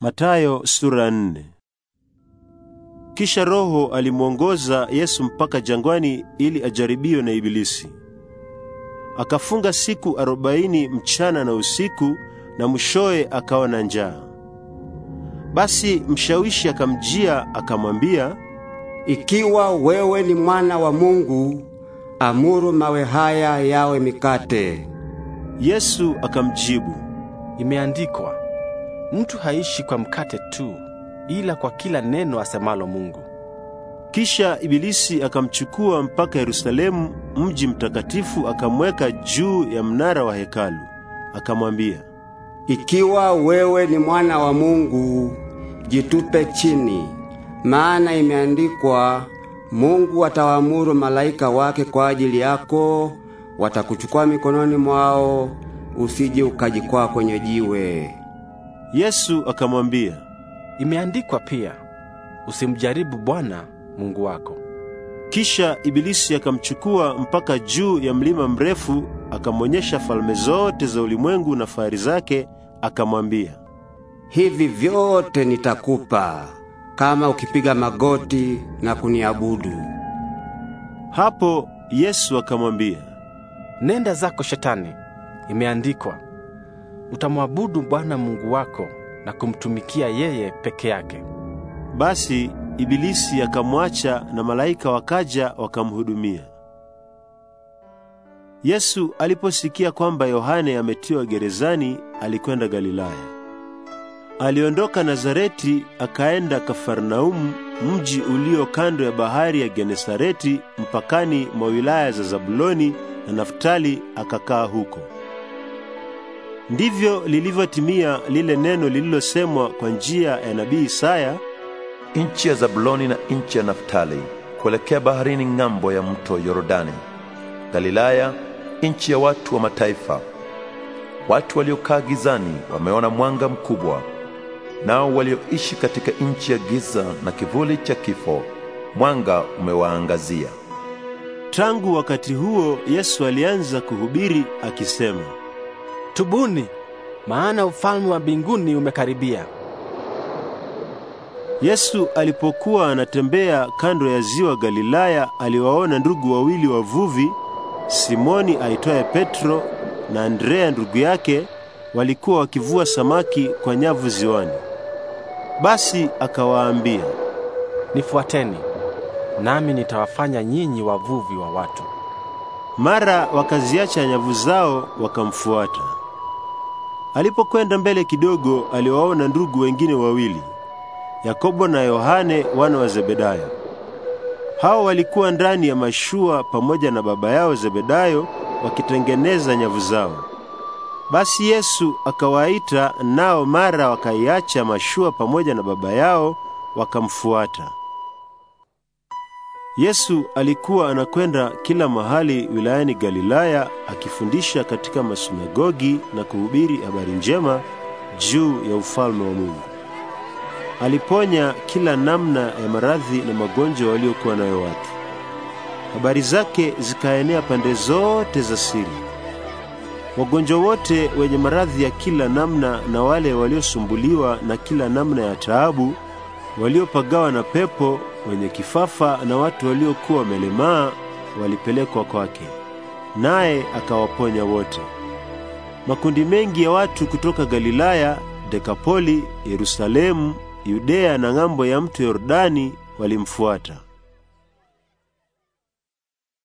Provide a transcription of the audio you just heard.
Matayo sura nne. Kisha Roho alimwongoza Yesu mpaka jangwani ili ajaribiwe na Ibilisi. Akafunga siku arobaini mchana na usiku, na mshoe akawa na njaa. Basi mshawishi akamjia akamwambia, ikiwa wewe ni mwana wa Mungu, amuru mawe haya yawe mikate. Yesu akamjibu, imeandikwa mtu haishi kwa mkate tu, ila kwa kila neno asemalo Mungu. Kisha Ibilisi akamchukua mpaka Yerusalemu, mji mtakatifu, akamweka juu ya mnara wa hekalu, akamwambia, ikiwa wewe ni mwana wa Mungu, jitupe chini, maana imeandikwa, Mungu atawaamuru malaika wake kwa ajili yako, watakuchukua mikononi mwao, usije ukajikwaa kwenye jiwe. Yesu akamwambia, imeandikwa pia, usimjaribu Bwana Mungu wako. Kisha Ibilisi akamchukua mpaka juu ya mlima mrefu, akamwonyesha falme zote za ulimwengu na fahari zake, akamwambia, hivi vyote nitakupa kama ukipiga magoti na kuniabudu. Hapo Yesu akamwambia, nenda zako Shetani, imeandikwa utamwabudu Bwana Mungu wako na kumtumikia yeye peke yake. Basi Ibilisi akamwacha na malaika wakaja wakamhudumia. Yesu aliposikia kwamba Yohane ametiwa gerezani, alikwenda Galilaya. Aliondoka Nazareti akaenda Kafarnaumu, mji ulio kando ya bahari ya Genesareti, mpakani mwa wilaya za Zabuloni na Naftali, akakaa huko. Ndivyo lilivyotimia lile neno lililosemwa kwa njia ya nabii Isaya, nchi ya Zabuloni na nchi ya Naftali, kuelekea baharini ng'ambo ya mto Yordani, Galilaya, nchi ya watu wa mataifa. Watu waliokaa gizani wameona mwanga mkubwa, nao walioishi katika nchi ya giza na kivuli cha kifo, mwanga umewaangazia. Tangu wakati huo Yesu alianza kuhubiri akisema tubuni, maana ufalme wa mbinguni umekaribia. Yesu alipokuwa anatembea kando ya ziwa Galilaya, aliwaona ndugu wawili wavuvi, Simoni aitwaye Petro na Andrea ndugu yake, walikuwa wakivua samaki kwa nyavu ziwani. Basi akawaambia, nifuateni, nami nitawafanya nyinyi wavuvi wa watu. Mara wakaziacha nyavu zao wakamfuata. Alipokwenda mbele kidogo, aliwaona ndugu wengine wawili, Yakobo na Yohane wana wa Zebedayo. Hao walikuwa ndani ya mashua pamoja na baba yao Zebedayo wakitengeneza nyavu zao. Basi Yesu akawaita, nao mara wakaiacha mashua pamoja na baba yao wakamfuata. Yesu alikuwa anakwenda kila mahali wilayani Galilaya akifundisha katika masinagogi na kuhubiri habari njema juu ya ufalme wa Mungu. Aliponya kila namna ya maradhi na magonjwa waliokuwa nayo watu. Habari zake zikaenea pande zote za siri. Wagonjwa wote wenye maradhi ya kila namna na wale waliosumbuliwa na kila namna ya taabu, waliopagawa na pepo wenye kifafa na watu waliokuwa wamelemaa walipelekwa kwake, naye akawaponya wote. Makundi mengi ya watu kutoka Galilaya, Dekapoli, Yerusalemu, Yudea na ng'ambo ya mto Yordani walimfuata.